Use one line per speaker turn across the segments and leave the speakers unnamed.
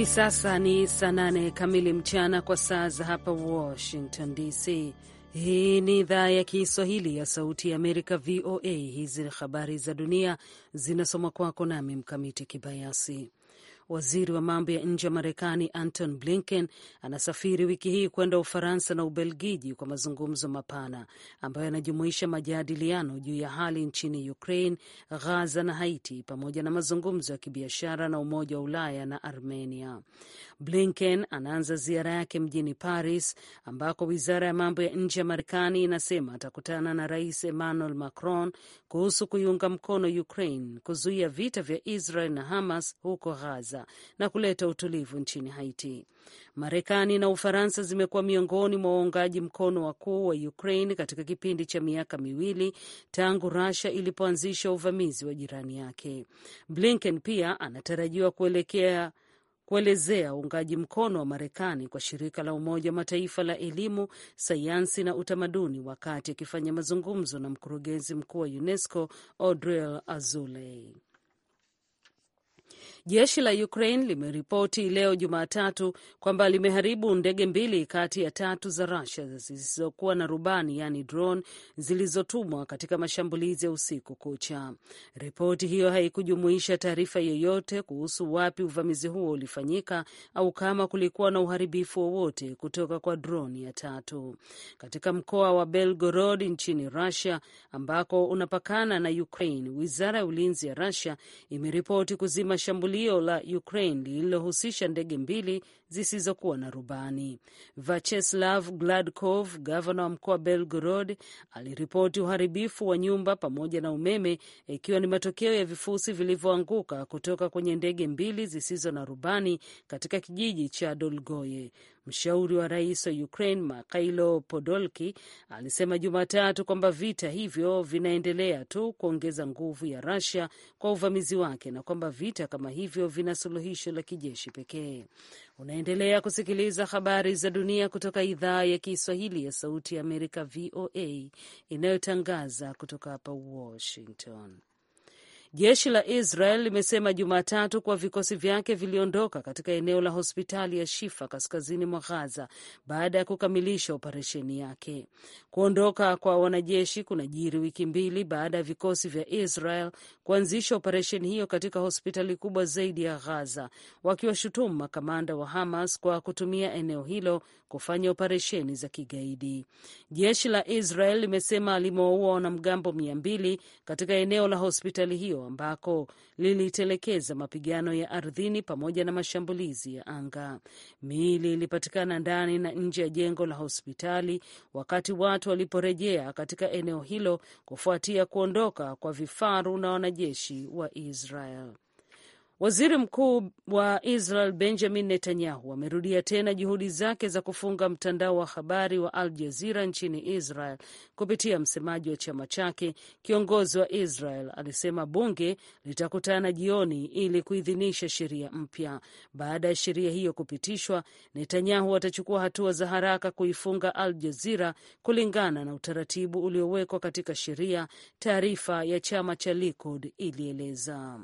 Hivi sasa ni saa nane kamili mchana kwa saa za hapa Washington DC. Hii ni idhaa ya Kiswahili ya Sauti ya Amerika, VOA. Hizi habari za dunia zinasoma kwako nami Mkamiti Kibayasi waziri wa mambo ya nje wa Marekani Anton Blinken anasafiri wiki hii kwenda Ufaransa na Ubelgiji kwa mazungumzo mapana ambayo yanajumuisha majadiliano juu ya hali nchini Ukraine, Ghaza na Haiti, pamoja na mazungumzo ya kibiashara na Umoja wa Ulaya na Armenia. Blinken anaanza ziara yake mjini Paris, ambako wizara ya mambo ya nje ya Marekani inasema atakutana na Rais Emmanuel Macron kuhusu kuiunga mkono Ukraine, kuzuia vita vya Israel na Hamas huko Gaza na kuleta utulivu nchini Haiti. Marekani na Ufaransa zimekuwa miongoni mwa waungaji mkono wakuu wa Ukraine katika kipindi cha miaka miwili tangu Russia ilipoanzisha uvamizi wa jirani yake. Blinken pia anatarajiwa kuelekea kuelezea uungaji mkono wa Marekani kwa shirika la Umoja wa Mataifa la elimu, sayansi na utamaduni wakati akifanya mazungumzo na mkurugenzi mkuu wa UNESCO Audrey Azoulay. Jeshi la Ukraine limeripoti leo Jumatatu kwamba limeharibu ndege mbili kati ya tatu za Rusia zisizokuwa na rubani, yaani drone, zilizotumwa katika mashambulizi ya usiku kucha. Ripoti hiyo haikujumuisha taarifa yoyote kuhusu wapi uvamizi huo ulifanyika au kama kulikuwa na uharibifu wowote kutoka kwa drone ya tatu. Katika mkoa wa Belgorod nchini Rusia ambako unapakana na Ukraine, wizara ya ulinzi ya Rusia imeripoti kuzima shambulio shambulio la Ukraine lililohusisha ndege mbili zisizokuwa na rubani. Vacheslav Gladkov, gavana wa mkoa wa Belgorod, aliripoti uharibifu wa nyumba pamoja na umeme, ikiwa ni matokeo ya vifusi vilivyoanguka kutoka kwenye ndege mbili zisizo na rubani katika kijiji cha Dolgoye. Mshauri wa rais wa Ukraine Mikhailo Podolki alisema Jumatatu kwamba vita hivyo vinaendelea tu kuongeza nguvu ya Russia kwa uvamizi wake na kwamba vita kama hivyo vina suluhisho la kijeshi pekee. Unaendelea kusikiliza habari za dunia kutoka idhaa ya Kiswahili ya Sauti ya Amerika, VOA, inayotangaza kutoka hapa Washington. Jeshi la Israel limesema Jumatatu kuwa vikosi vyake viliondoka katika eneo la hospitali ya Shifa kaskazini mwa Ghaza baada ya kukamilisha operesheni yake. Kuondoka kwa wanajeshi kunajiri wiki mbili baada ya vikosi vya Israel kuanzisha operesheni hiyo katika hospitali kubwa zaidi ya Ghaza, wakiwashutumu makamanda wa Hamas kwa kutumia eneo hilo kufanya operesheni za kigaidi. Jeshi la Israel limesema limewaua wanamgambo mia mbili katika eneo la hospitali hiyo ambako lilitelekeza mapigano ya ardhini pamoja na mashambulizi ya anga. Miili ilipatikana ndani na nje ya jengo la hospitali wakati watu waliporejea katika eneo hilo kufuatia kuondoka kwa vifaru na wanajeshi wa Israel. Waziri Mkuu wa Israel Benjamin Netanyahu amerudia tena juhudi zake za kufunga mtandao wa habari wa Al Jazira nchini Israel kupitia msemaji wa chama chake. Kiongozi wa Israel alisema bunge litakutana jioni ili kuidhinisha sheria mpya. Baada ya sheria hiyo kupitishwa, Netanyahu atachukua hatua za haraka kuifunga Al Jazira kulingana na utaratibu uliowekwa katika sheria, taarifa ya chama cha Likud ilieleza.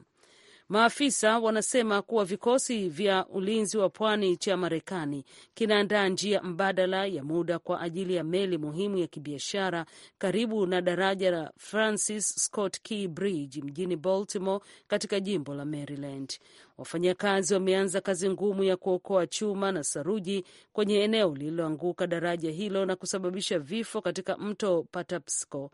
Maafisa wanasema kuwa vikosi vya ulinzi wa pwani cha Marekani kinaandaa njia mbadala ya muda kwa ajili ya meli muhimu ya kibiashara karibu na daraja la Francis Scott Key Bridge mjini Baltimore katika jimbo la Maryland. Wafanyakazi wameanza kazi ngumu ya kuokoa chuma na saruji kwenye eneo lililoanguka daraja hilo na kusababisha vifo katika mto Patapsco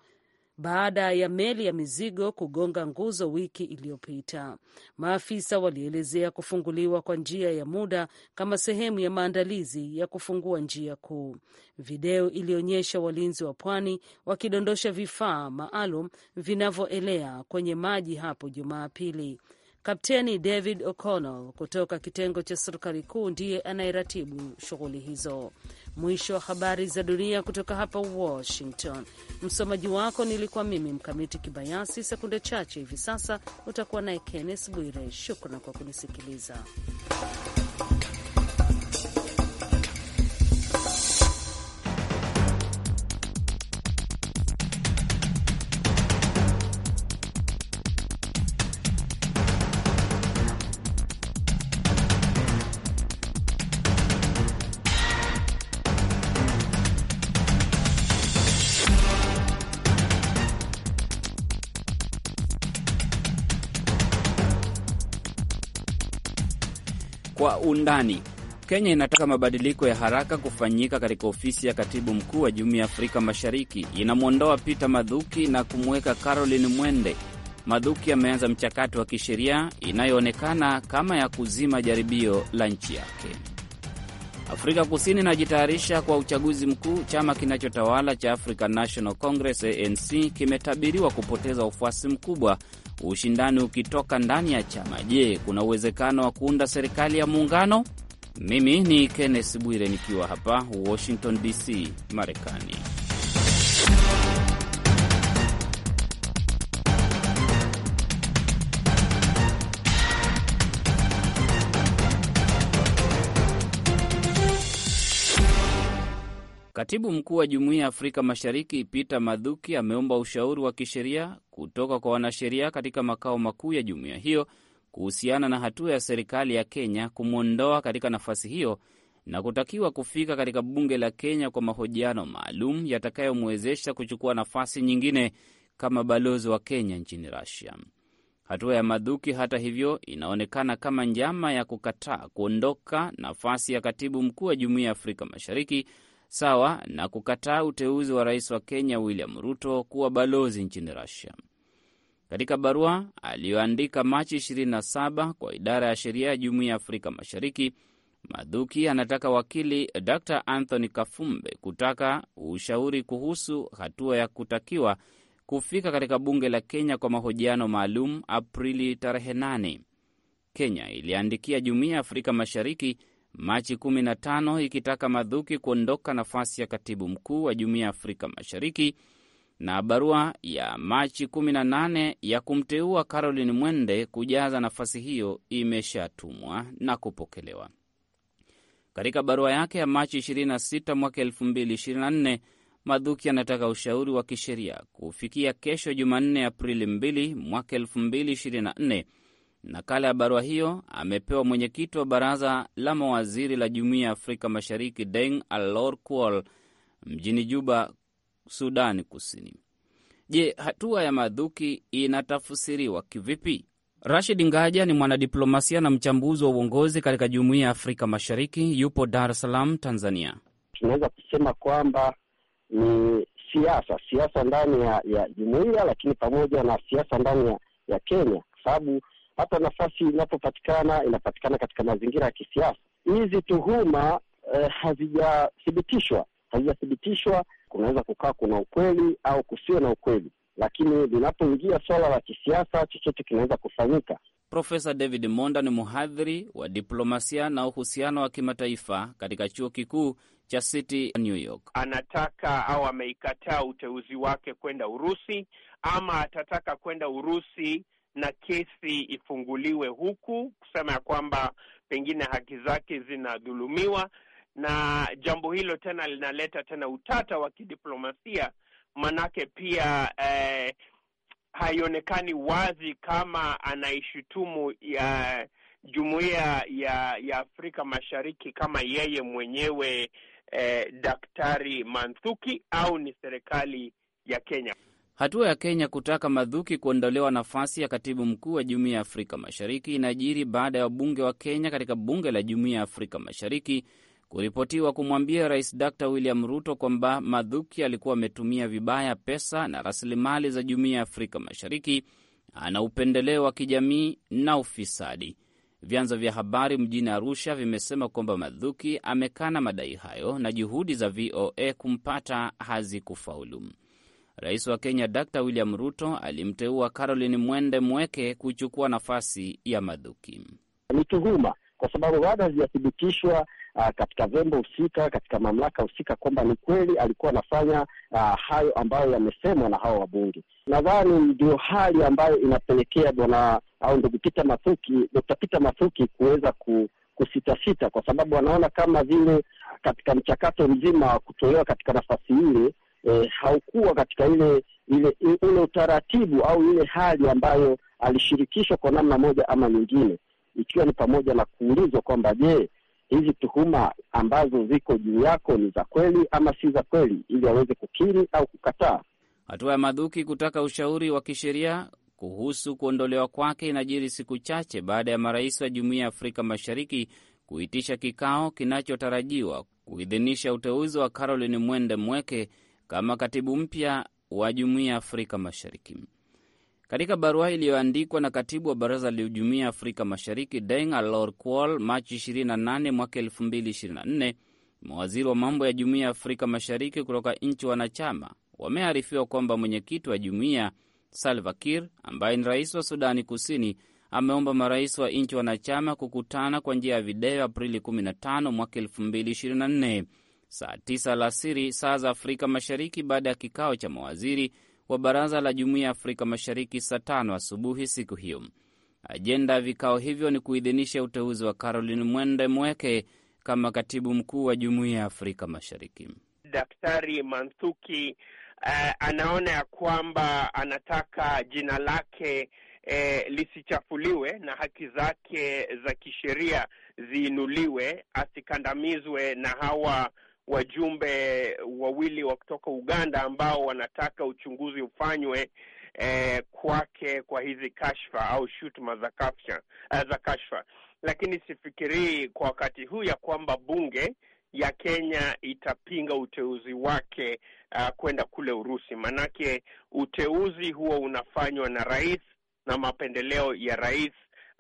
baada ya meli ya mizigo kugonga nguzo wiki iliyopita. Maafisa walielezea kufunguliwa kwa njia ya muda kama sehemu ya maandalizi ya kufungua njia kuu. Video ilionyesha walinzi wa pwani wakidondosha vifaa maalum vinavyoelea kwenye maji hapo Jumapili. Kapteni David O'Connell kutoka kitengo cha serikali kuu ndiye anayeratibu shughuli hizo. Mwisho wa habari za dunia kutoka hapa Washington. Msomaji wako nilikuwa mimi Mkamiti Kibayasi. Sekunde chache hivi sasa utakuwa naye Kennes Bwire. Shukran kwa kunisikiliza.
undani. Kenya inataka mabadiliko ya haraka kufanyika katika ofisi ya katibu mkuu wa Jumuiya ya Afrika Mashariki. Inamwondoa Peter madhuki na kumweka Caroline Mwende. madhuki ameanza mchakato wa kisheria inayoonekana kama ya kuzima jaribio la nchi yake. Afrika Kusini inajitayarisha kwa uchaguzi mkuu. Chama kinachotawala cha African National Congress ANC kimetabiriwa kupoteza ufuasi mkubwa ushindani ukitoka ndani ya chama, je, kuna uwezekano wa kuunda serikali ya muungano? Mimi ni Kenneth Bwire nikiwa hapa Washington DC, Marekani. Katibu mkuu wa jumuiya ya Afrika Mashariki Peter madhuki ameomba ushauri wa kisheria kutoka kwa wanasheria katika makao makuu ya jumuiya hiyo kuhusiana na hatua ya serikali ya Kenya kumwondoa katika nafasi hiyo na kutakiwa kufika katika bunge la Kenya kwa mahojiano maalum yatakayomwezesha kuchukua nafasi nyingine kama balozi wa Kenya nchini rusia Hatua ya madhuki hata hivyo, inaonekana kama njama ya kukataa kuondoka nafasi ya katibu mkuu wa jumuiya ya Afrika Mashariki sawa na kukataa uteuzi wa rais wa Kenya William Ruto kuwa balozi nchini Russia. Katika barua aliyoandika Machi 27 kwa idara ya sheria ya Jumuiya ya Afrika Mashariki, Madhuki anataka wakili Dr Anthony Kafumbe kutaka ushauri kuhusu hatua ya kutakiwa kufika katika bunge la Kenya kwa mahojiano maalum Aprili tarehe 8. Kenya iliandikia Jumuiya ya Afrika Mashariki Machi 15 ikitaka Madhuki kuondoka nafasi ya katibu mkuu wa Jumuiya ya Afrika Mashariki na barua ya Machi 18 ya kumteua Caroline Mwende kujaza nafasi hiyo imeshatumwa na kupokelewa. Katika barua yake ya Machi 26 mwaka 2024, Madhuki anataka ushauri wa kisheria kufikia kesho Jumanne, Aprili 2 mwaka Nakala ya barua hiyo amepewa mwenyekiti wa baraza la mawaziri la jumuiya ya Afrika Mashariki, Deng Alor Kuol, mjini Juba, Sudani Kusini. Je, hatua ya Madhuki inatafsiriwa kivipi? Rashid Ngaja ni mwanadiplomasia na mchambuzi wa uongozi katika jumuiya ya Afrika Mashariki, yupo Dar es Salaam,
Tanzania. Tunaweza kusema kwamba ni siasa, siasa ndani ya, ya jumuiya, lakini pamoja na siasa ndani ya, ya Kenya, kwa sababu hata nafasi inapopatikana inapatikana katika mazingira ya kisiasa. Hizi tuhuma eh, hazijathibitishwa hazijathibitishwa. Kunaweza kukaa kuna ukweli au kusio na ukweli, lakini linapoingia swala la kisiasa, chochote kinaweza kufanyika.
Profesa David Monda ni mhadhiri wa diplomasia na uhusiano wa kimataifa katika chuo kikuu cha City New York.
Anataka au ameikataa uteuzi wake kwenda Urusi ama atataka kwenda Urusi na kesi ifunguliwe huku kusema ya kwamba pengine haki zake zinadhulumiwa, na jambo hilo tena linaleta tena utata wa kidiplomasia, manake pia eh, haionekani wazi kama anaishutumu ya jumuiya ya, ya Afrika Mashariki kama yeye mwenyewe eh, Daktari Manthuki au ni serikali ya Kenya.
Hatua ya Kenya kutaka Madhuki kuondolewa nafasi ya katibu mkuu wa Jumuiya ya Afrika Mashariki inajiri baada ya wabunge wa Kenya katika bunge la Jumuiya ya Afrika Mashariki kuripotiwa kumwambia Rais Dr William Ruto kwamba Madhuki alikuwa ametumia vibaya pesa na rasilimali za Jumuiya ya Afrika Mashariki, ana upendeleo wa kijamii na ufisadi. Vyanzo vya habari mjini Arusha vimesema kwamba Madhuki amekana madai hayo na juhudi za VOA kumpata hazikufaulu. Rais wa Kenya Dr William Ruto alimteua Caroline Mwende Mweke kuchukua nafasi ya madhuki
Ni tuhuma kwa sababu bado hazijathibitishwa uh, katika vyombo husika, katika mamlaka husika kwamba ni kweli alikuwa anafanya uh, hayo ambayo yamesemwa na hawa wabunge. Nadhani ndio hali ambayo inapelekea bwana au ndugu Peter Mathuki, Dr Peter Mathuki kuweza ku kusitasita kwa sababu wanaona kama vile katika mchakato mzima wa kutolewa katika nafasi ile e, haukuwa katika ile ile ule utaratibu au ile hali ambayo alishirikishwa kwa namna moja ama nyingine, ikiwa ni pamoja na kuulizwa kwamba je, hizi tuhuma ambazo ziko juu yako ni za kweli ama si za kweli, ili aweze kukiri au kukataa.
Hatua ya Madhuki kutaka ushauri wa kisheria kuhusu kuondolewa kwake inajiri siku chache baada ya marais wa Jumuiya ya Afrika Mashariki kuitisha kikao kinachotarajiwa kuidhinisha uteuzi wa Caroline Mwende Mweke kama katibu mpya wa Jumuiya ya Afrika Mashariki. Katika barua iliyoandikwa na katibu wa baraza la Jumuiya ya Afrika Mashariki Deng Alor Kuol Machi 28 mwaka 2024, mawaziri wa mambo ya Jumuiya ya Afrika Mashariki kutoka nchi wanachama wamearifiwa kwamba mwenyekiti wa jumuiya Salva Kiir ambaye ni rais wa Sudani Kusini ameomba marais wa nchi wanachama kukutana kwa njia ya video Aprili 15 mwaka 2024 saa 9 alasiri saa za Afrika Mashariki, baada ya kikao cha mawaziri wa Baraza la Jumuiya ya Afrika Mashariki saa 5 asubuhi siku hiyo. Ajenda ya vikao hivyo ni kuidhinisha uteuzi wa Caroline Mwende Mweke kama katibu mkuu wa Jumuiya ya Afrika Mashariki.
Daktari Manthuki uh, anaona ya kwamba anataka jina lake E, lisichafuliwe na haki zake za kisheria ziinuliwe, asikandamizwe na hawa wajumbe wawili wa kutoka Uganda ambao wanataka uchunguzi ufanywe eh, kwake kwa hizi kashfa au shutuma za kashfa, eh, za kashfa. Lakini sifikirii kwa wakati huu ya kwamba bunge ya Kenya itapinga uteuzi wake uh, kwenda kule Urusi, maanake uteuzi huo unafanywa na rais na mapendeleo ya rais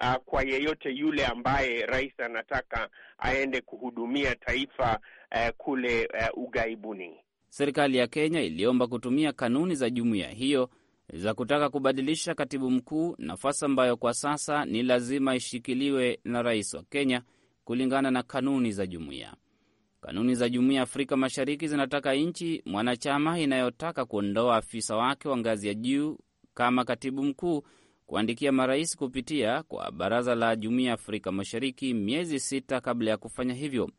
uh, kwa yeyote yule ambaye rais anataka aende kuhudumia taifa uh, kule uh, ughaibuni.
Serikali ya Kenya iliomba kutumia kanuni za jumuiya hiyo za kutaka kubadilisha katibu mkuu, nafasi ambayo kwa sasa ni lazima ishikiliwe na rais wa Kenya kulingana na kanuni za jumuiya. Kanuni za jumuiya ya Afrika Mashariki zinataka nchi mwanachama inayotaka kuondoa afisa wake wa ngazi ya juu kama katibu mkuu kuandikia marais kupitia kwa Baraza la Jumuiya ya Afrika Mashariki miezi sita kabla ya kufanya hivyo.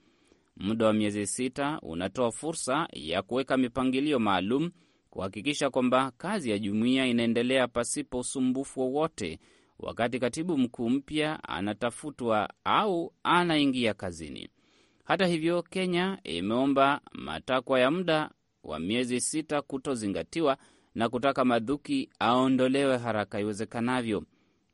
Muda wa miezi sita unatoa fursa ya kuweka mipangilio maalum kuhakikisha kwamba kazi ya jumuiya inaendelea pasipo usumbufu wowote wakati katibu mkuu mpya anatafutwa au anaingia kazini. Hata hivyo, Kenya imeomba matakwa ya muda wa miezi sita kutozingatiwa na kutaka Madhuki aondolewe haraka iwezekanavyo.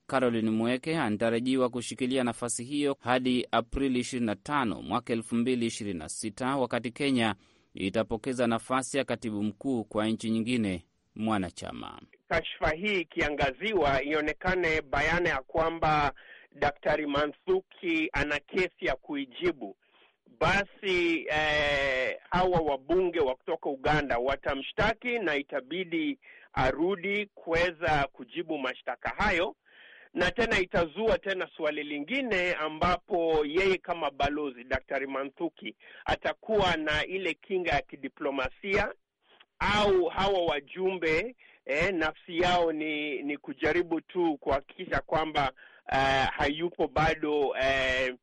carolin mweke anatarajiwa kushikilia nafasi hiyo hadi Aprili 25 mwaka 2026 wakati Kenya itapokeza nafasi ya katibu mkuu kwa nchi nyingine mwanachama.
Kashfa hii ikiangaziwa, ionekane bayana ya kwamba Daktari Manthuki ana kesi ya kuijibu basi eh, hawa wabunge wa kutoka Uganda watamshtaki na itabidi arudi kuweza kujibu mashtaka hayo, na tena itazua tena swali lingine ambapo yeye kama balozi Daktari Manthuki atakuwa na ile kinga ya kidiplomasia au hawa wajumbe eh, nafsi yao ni ni kujaribu tu kuhakikisha kwamba eh, hayupo bado eh,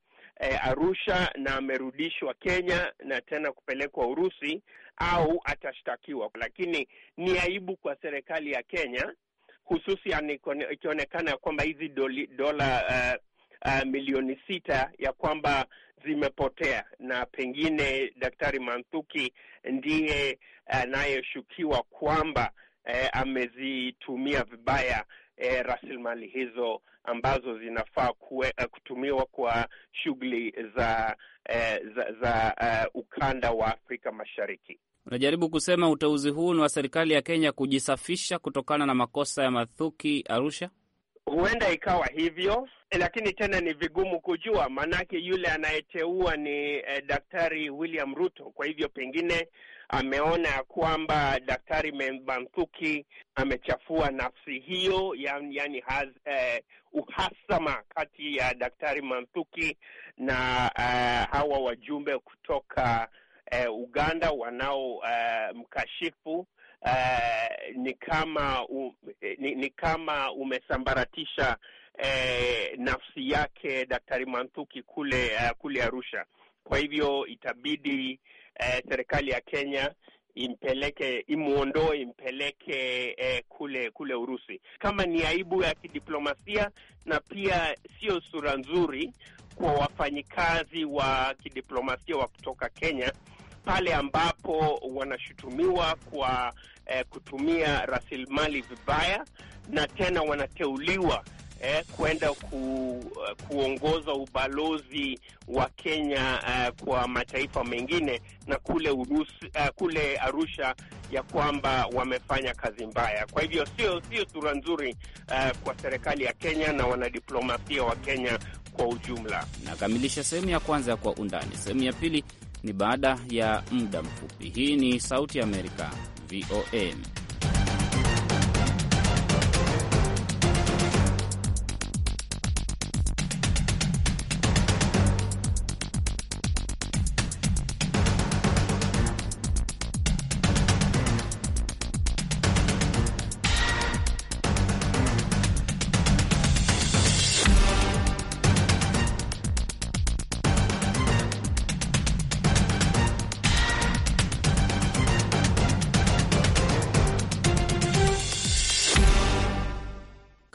e, Arusha na amerudishwa Kenya na tena kupelekwa Urusi au atashtakiwa. Lakini ni aibu kwa serikali ya Kenya, hususan ikionekana ya kwamba hizi dola uh, uh, milioni sita ya kwamba zimepotea na pengine Daktari Manthuki ndiye anayeshukiwa uh, kwamba uh, amezitumia vibaya eh, rasilimali hizo ambazo zinafaa kue, eh, kutumiwa kwa shughuli za eh, za, za uh, ukanda wa Afrika Mashariki.
Unajaribu kusema uteuzi huu ni wa serikali ya Kenya kujisafisha kutokana na makosa ya Mathuki Arusha?
Huenda ikawa hivyo, lakini tena ni vigumu kujua, maanake yule anayeteua ni eh, Daktari William Ruto. Kwa hivyo pengine ameona ya kwamba Daktari Manthuki amechafua nafsi hiyo, yani, yani has, eh, uhasama kati ya Daktari Manthuki na eh, hawa wajumbe kutoka eh, Uganda wanaomkashifu eh, uh, ni kama um, ni, ni kama umesambaratisha uh, nafsi yake Daktari Mantuki kule uh, kule Arusha. Kwa hivyo itabidi uh, serikali ya Kenya impeleke imwondoe impeleke eh, kule kule Urusi. Kama ni aibu ya kidiplomasia na pia sio sura nzuri kwa wafanyikazi wa kidiplomasia wa kutoka Kenya pale ambapo wanashutumiwa kwa eh, kutumia rasilimali vibaya, na tena wanateuliwa eh, kwenda ku, eh, kuongoza ubalozi wa Kenya eh, kwa mataifa mengine na kule, Urusi, eh, kule Arusha ya kwamba wamefanya kazi mbaya. Kwa hivyo sio sio sura nzuri eh, kwa serikali ya Kenya na wanadiplomasia wa Kenya kwa ujumla.
Nakamilisha sehemu ya kwanza ya Kwa Undani. Sehemu ya pili ni baada ya muda mfupi. Hii ni Sauti ya Amerika. VOA.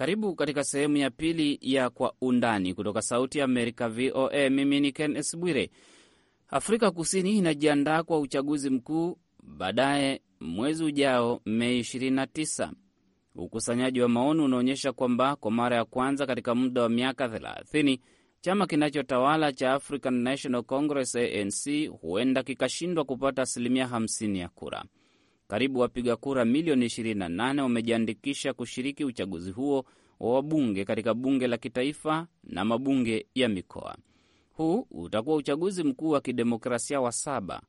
Karibu katika sehemu ya pili ya Kwa Undani kutoka Sauti ya Amerika, VOA. Mimi ni Kennes Bwire. Afrika Kusini inajiandaa kwa uchaguzi mkuu baadaye mwezi ujao, Mei 29. Ukusanyaji wa maoni unaonyesha kwamba kwa mara ya kwanza katika muda wa miaka 30 chama kinachotawala cha African National Congress, ANC, huenda kikashindwa kupata asilimia 50 ya kura. Karibu wapiga kura milioni 28 wamejiandikisha kushiriki uchaguzi huo wa wabunge katika bunge la kitaifa na mabunge ya mikoa. Huu utakuwa uchaguzi mkuu wa kidemokrasia wa saba.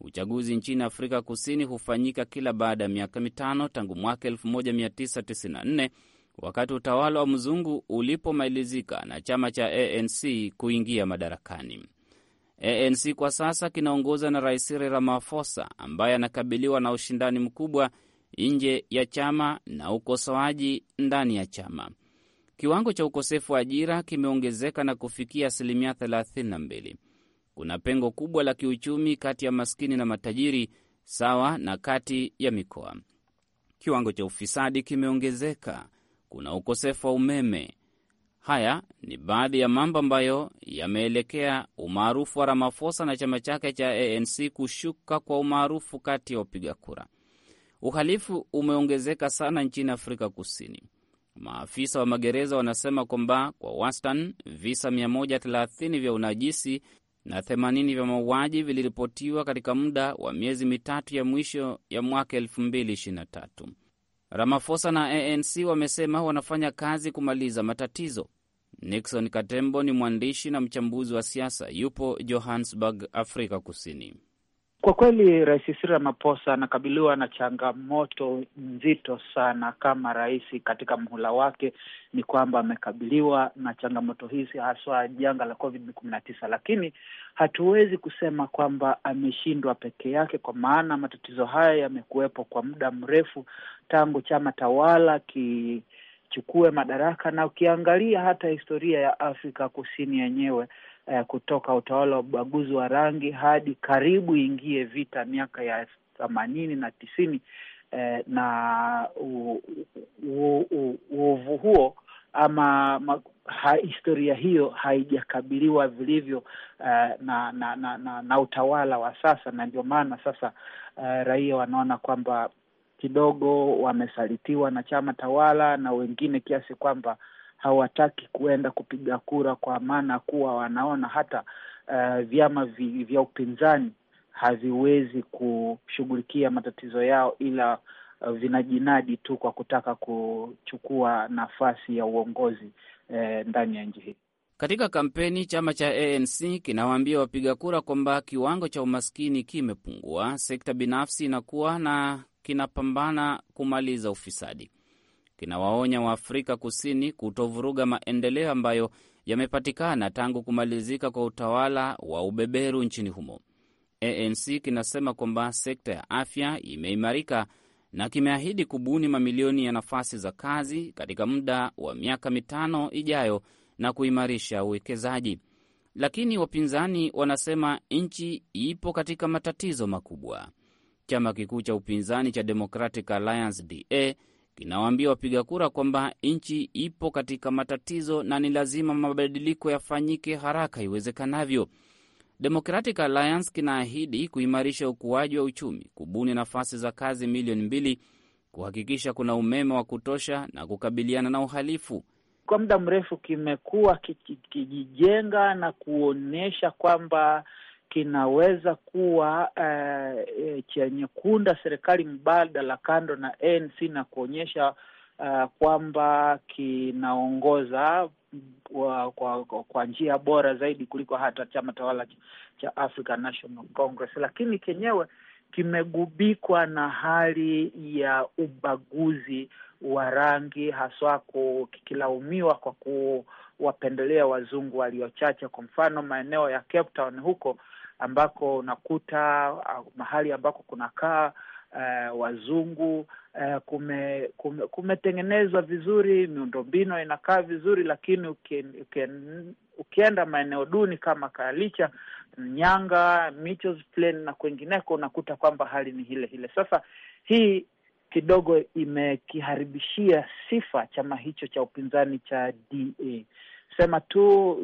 Uchaguzi nchini Afrika Kusini hufanyika kila baada ya miaka mitano tangu mwaka 1994 wakati utawala wa mzungu ulipomalizika na chama cha ANC kuingia madarakani. ANC kwa sasa kinaongozwa na Rais Cyril Ramaphosa ambaye anakabiliwa na ushindani mkubwa nje ya chama na ukosoaji ndani ya chama. Kiwango cha ukosefu wa ajira kimeongezeka na kufikia asilimia 32. Kuna pengo kubwa la kiuchumi kati ya maskini na matajiri, sawa na kati ya mikoa. Kiwango cha ufisadi kimeongezeka. Kuna ukosefu wa umeme, Haya ni baadhi ya mambo ambayo yameelekea umaarufu wa ramafosa na chama chake cha ANC kushuka kwa umaarufu kati ya wapiga kura. Uhalifu umeongezeka sana nchini Afrika Kusini. Maafisa wa magereza wanasema kwamba kwa wastani visa 130 vya unajisi na 80 vya mauaji viliripotiwa katika muda wa miezi mitatu ya mwisho ya mwaka 2023. ramafosa na ANC wamesema wanafanya kazi kumaliza matatizo. Nixon Katembo ni mwandishi na mchambuzi wa siasa, yupo Johannesburg, Afrika Kusini.
Kwa kweli Rais Cyril Ramaphosa anakabiliwa na changamoto nzito sana kama rais katika mhula wake. Ni kwamba amekabiliwa na changamoto hizi haswa janga la Covid kumi na tisa, lakini hatuwezi kusema kwamba ameshindwa peke yake, kwa maana matatizo haya yamekuwepo kwa muda mrefu tangu chama tawala ki chukue madaraka. Na ukiangalia hata historia ya Afrika Kusini yenyewe eh, kutoka utawala wa ubaguzi wa rangi hadi karibu ingie vita miaka ya themanini na tisini eh, na uovu huo ama ma, ha, historia hiyo haijakabiliwa vilivyo uh, na, na, na, na, na utawala wa sasa, na ndio maana sasa uh, raia wanaona kwamba kidogo wamesalitiwa na chama tawala na wengine kiasi kwamba hawataki kuenda kupiga kura kwa maana kuwa wanaona hata uh, vyama vi, vya upinzani haviwezi kushughulikia matatizo yao ila uh, vinajinadi tu kwa kutaka kuchukua nafasi ya uongozi eh, ndani ya nchi hii.
Katika kampeni, chama cha ANC kinawaambia wapiga kura kwamba kiwango cha umaskini kimepungua, sekta binafsi inakuwa na kinapambana kumaliza ufisadi. Kinawaonya Waafrika Kusini kutovuruga maendeleo ambayo yamepatikana tangu kumalizika kwa utawala wa ubeberu nchini humo. ANC kinasema kwamba sekta ya afya imeimarika na kimeahidi kubuni mamilioni ya nafasi za kazi katika muda wa miaka mitano ijayo na kuimarisha uwekezaji. Lakini wapinzani wanasema nchi ipo katika matatizo makubwa. Chama kikuu cha upinzani cha Democratic Alliance DA kinawaambia wapiga kura kwamba nchi ipo katika matatizo na ni lazima mabadiliko yafanyike haraka iwezekanavyo. Democratic Alliance kinaahidi kuimarisha ukuaji wa uchumi, kubuni nafasi za kazi milioni mbili, kuhakikisha kuna umeme wa kutosha na kukabiliana na uhalifu.
Kwa muda mrefu kimekuwa kikijijenga na kuonyesha kwamba kinaweza kuwa uh, chenye kuunda serikali mbadala kando na ANC na kuonyesha uh, kwamba kinaongoza kwa, kwa, kwa njia bora zaidi kuliko hata chama tawala cha African National Congress, lakini kenyewe kimegubikwa na hali ya ubaguzi wa rangi, haswa kikilaumiwa kwa kuwapendelea wazungu waliochache. Kwa mfano maeneo ya Cape Town huko ambako unakuta uh, mahali ambako kunakaa uh, wazungu uh, kume, kume, kumetengenezwa vizuri, miundombino inakaa vizuri, lakini ukien, ukien, ukienda maeneo duni kama Kalicha, Nyanga, Plain na kwengineko unakuta kwamba hali ni hile hile. Sasa hii kidogo imekiharibishia sifa chama hicho cha upinzani cha DA. Sema tu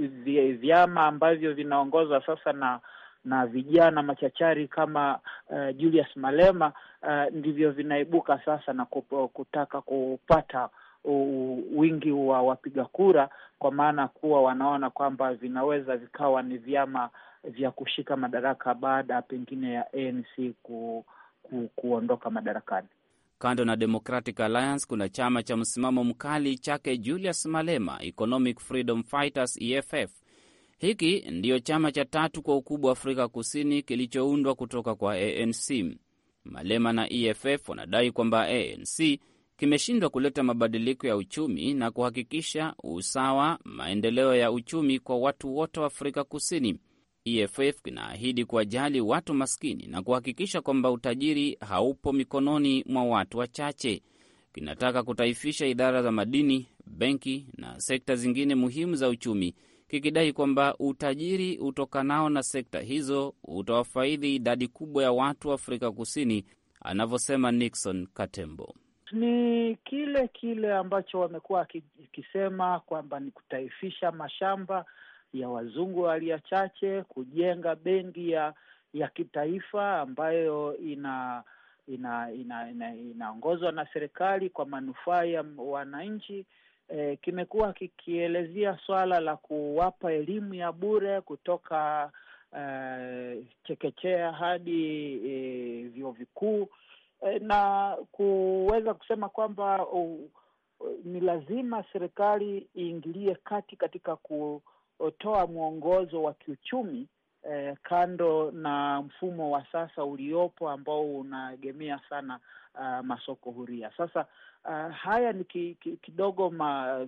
vyama ambavyo vinaongozwa sasa na na vijana machachari kama uh, Julius Malema uh, ndivyo vinaibuka sasa na kutaka kupata wingi wa wapiga kura, kwa maana kuwa wanaona kwamba vinaweza vikawa ni vyama vya kushika madaraka baada pengine ya ANC ku, ku, kuondoka madarakani.
Kando na Democratic Alliance kuna chama cha msimamo mkali chake Julius Malema, Economic Freedom Fighters EFF hiki ndiyo chama cha tatu kwa ukubwa Afrika Kusini kilichoundwa kutoka kwa ANC. Malema na EFF wanadai kwamba ANC kimeshindwa kuleta mabadiliko ya uchumi na kuhakikisha usawa maendeleo ya uchumi kwa watu wote wa Afrika Kusini. EFF kinaahidi kuwajali watu maskini na kuhakikisha kwamba utajiri haupo mikononi mwa watu wachache. Kinataka kutaifisha idara za madini, benki na sekta zingine muhimu za uchumi kikidai kwamba utajiri utokanao na sekta hizo utawafaidhi idadi kubwa ya watu wa Afrika Kusini, anavyosema Nixon Katembo.
Ni kile kile ambacho wamekuwa akisema kwamba ni kutaifisha mashamba ya wazungu walio chache, kujenga benki ya ya kitaifa ambayo ina inaongozwa ina, ina, ina na serikali kwa manufaa ya wananchi e, kimekuwa kikielezea swala la kuwapa elimu ya bure kutoka e, chekechea hadi e, vyuo vikuu e, na kuweza kusema kwamba uh, ni lazima serikali iingilie kati katika kutoa mwongozo wa kiuchumi eh, kando na mfumo wa sasa uliopo ambao unaegemea sana uh, masoko huria. Sasa Uh, haya ni ki, ki, kidogo ma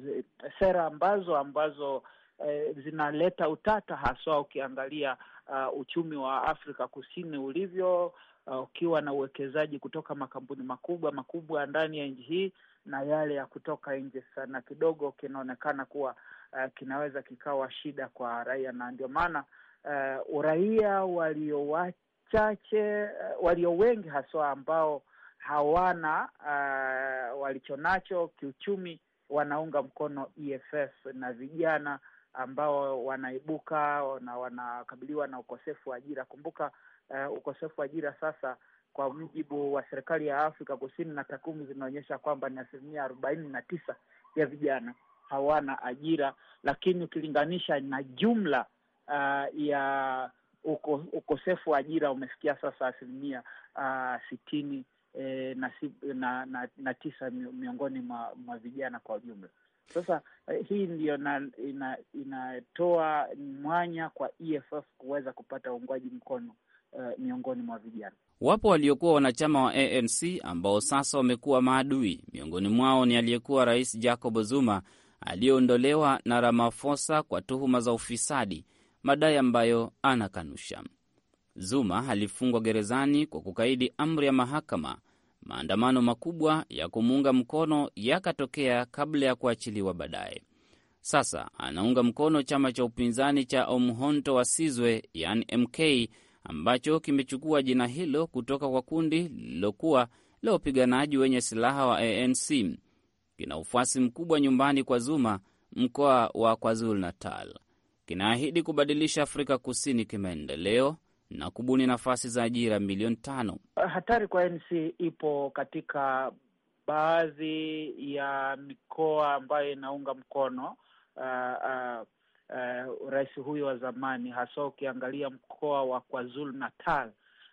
sera ambazo ambazo eh, zinaleta utata haswa ukiangalia uh, uchumi wa Afrika Kusini ulivyo, uh, ukiwa na uwekezaji kutoka makampuni makubwa makubwa ndani ya nchi hii na yale ya kutoka nje, sana kidogo kinaonekana kuwa uh, kinaweza kikawa shida kwa raia, na ndio maana uh, uraia walio wachache, uh, walio wengi haswa ambao hawana uh, walichonacho kiuchumi, wanaunga mkono EFF na vijana ambao wanaibuka na wanakabiliwa na ukosefu wa ajira. Kumbuka uh, ukosefu wa ajira sasa kwa mujibu wa serikali ya Afrika Kusini na takwimu zinaonyesha kwamba ni asilimia arobaini na tisa ya vijana hawana ajira, lakini ukilinganisha na jumla uh, ya uko, ukosefu wa ajira umefikia sasa asilimia uh, sitini e, na, na, na, na tisa miongoni mwa, mwa vijana kwa ujumla. Sasa eh, hii ndio ina, inatoa mwanya kwa EFF kuweza kupata uungwaji mkono uh, miongoni mwa vijana.
Wapo waliokuwa wanachama wa ANC ambao sasa wamekuwa maadui. Miongoni mwao ni aliyekuwa Rais Jacob Zuma aliyeondolewa na Ramaphosa kwa tuhuma za ufisadi, madai ambayo anakanusha. Zuma alifungwa gerezani kwa kukaidi amri ya mahakama Maandamano makubwa ya kumuunga mkono yakatokea kabla ya kuachiliwa baadaye. Sasa anaunga mkono chama cha upinzani cha Omhonto wa Sizwe, yani MK, ambacho kimechukua jina hilo kutoka kwa kundi lililokuwa la wapiganaji wenye silaha wa ANC. Kina ufuasi mkubwa nyumbani kwa Zuma, mkoa wa KwaZulu Natal. Kinaahidi kubadilisha Afrika Kusini kimaendeleo na kubuni nafasi za ajira milioni tano.
Eh, hatari kwa NC ipo katika baadhi ya mikoa ambayo inaunga mkono uh, uh, uh, rais huyo wa zamani, hasa ukiangalia mkoa wa KwaZulu Natal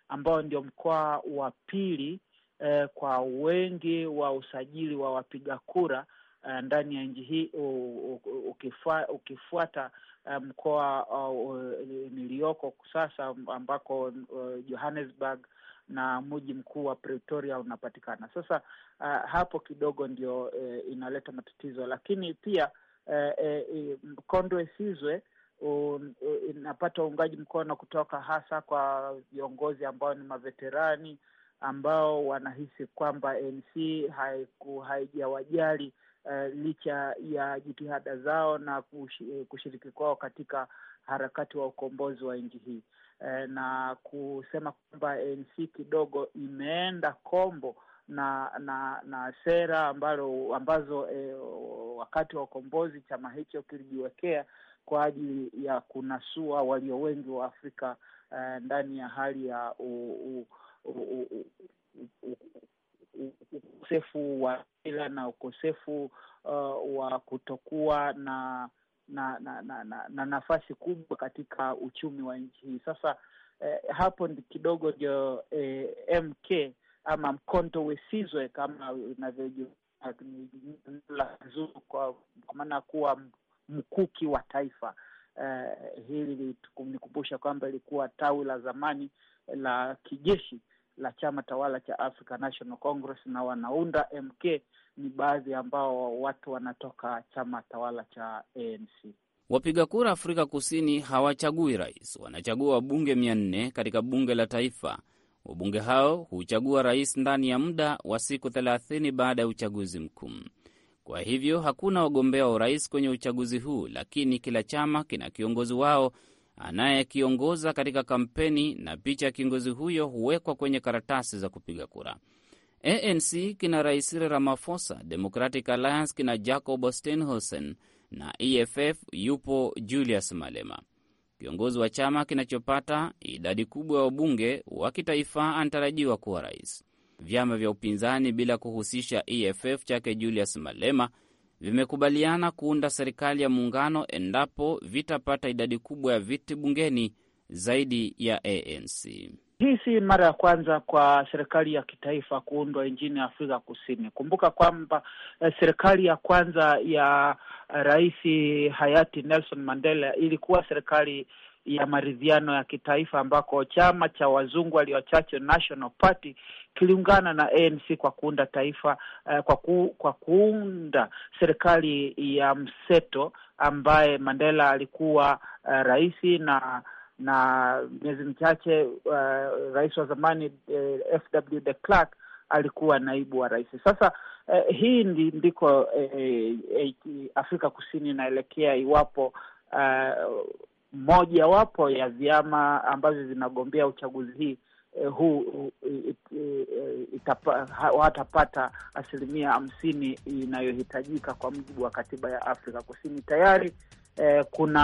ambao ndio mkoa wa pili uh, kwa wengi wa usajili wa wapiga kura Eh, ndani ya nchi hii ukifuata eh, mkoa um, uh, niliyoko sasa ambako uh, Johannesburg na mji mkuu wa Pretoria unapatikana sasa. Uh, hapo kidogo ndio uh, inaleta matatizo, lakini pia uh, uh, Mkondwe Sizwe uh, inapata uungaji mkono kutoka hasa kwa viongozi ambao ni maveterani ambao wanahisi kwamba ANC haiku haijawajali uh, licha ya jitihada zao na eh, kushiriki kwao katika harakati wa ukombozi wa nchi hii uh, na kusema kwamba ANC kidogo imeenda kombo na na na sera ambalo ambazo eh, wakati wa ukombozi chama hicho kilijiwekea kwa ajili ya kunasua walio wengi wa Afrika eh, ndani ya hali ya u, u, u, u, u, u, ukosefu wa ila na ukosefu uh, wa kutokuwa na na, na, na, na, na nafasi kubwa katika uchumi wa nchi hii. Sasa eh, hapo ndi kidogo ndio eh, MK ama Mkonto Wesizwe kama inavyojua la kwa maana kuwa mkuki wa taifa. Eh, hili nikumbusha kwamba ilikuwa tawi la zamani la kijeshi la chama tawala cha African National Congress na wanaunda MK ni baadhi ambao watu wanatoka chama tawala cha ANC.
Wapiga kura Afrika Kusini hawachagui rais, wanachagua wabunge mia nne katika bunge la taifa. Wabunge hao huchagua rais ndani ya muda wa siku thelathini baada ya uchaguzi mkuu. Kwa hivyo hakuna wagombea wa urais kwenye uchaguzi huu, lakini kila chama kina kiongozi wao anayekiongoza katika kampeni na picha ya kiongozi huyo huwekwa kwenye karatasi za kupiga kura. ANC kina Rais Cyril Ramaphosa, Democratic Alliance kina Jacob Steenhuisen na EFF yupo Julius Malema. Kiongozi wa chama kinachopata idadi kubwa ya wabunge wa kitaifa anatarajiwa kuwa rais. Vyama vya upinzani bila kuhusisha EFF chake Julius Malema vimekubaliana kuunda serikali ya muungano endapo vitapata idadi kubwa ya viti bungeni zaidi ya ANC.
Hii si mara ya kwanza kwa serikali ya kitaifa kuundwa nchini Afrika Kusini. Kumbuka kwamba eh, serikali ya kwanza ya eh, rais hayati Nelson Mandela ilikuwa serikali ya maridhiano ya kitaifa ambako chama cha wazungu walio wachache National Party kiliungana na ANC kwa kuunda taifa eh, kwa, ku, kwa kuunda serikali ya mseto ambaye Mandela alikuwa uh, eh, raisi na na miezi michache uh, rais wa zamani uh, eh, FW de Klerk alikuwa naibu wa rais. Sasa uh, hii ndi, ndiko uh, uh, Afrika Kusini inaelekea iwapo uh, mojawapo ya vyama ambazo zinagombea uchaguzi hii eh, huu watapata asilimia hamsini inayohitajika kwa mujibu wa katiba ya Afrika Kusini. Tayari eh, kuna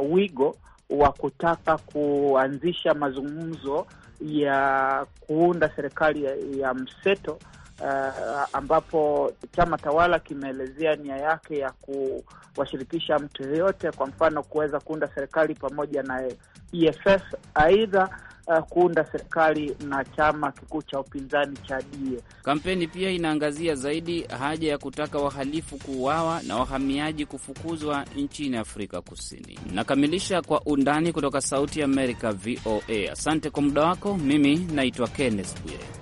uh, wigo wa kutaka kuanzisha mazungumzo ya kuunda serikali ya, ya mseto uh, ambapo chama tawala kimeelezea nia yake ya kuwashirikisha mtu yoyote kwa mfano kuweza kuunda serikali pamoja na EFF, aidha uh, kuunda serikali na chama kikuu cha upinzani cha DIE.
Kampeni pia inaangazia zaidi haja ya kutaka wahalifu kuuawa na wahamiaji kufukuzwa nchini Afrika Kusini. Nakamilisha kwa undani kutoka Sauti ya Amerika, VOA. Asante kwa muda wako. Mimi naitwa Kenneth Bwire.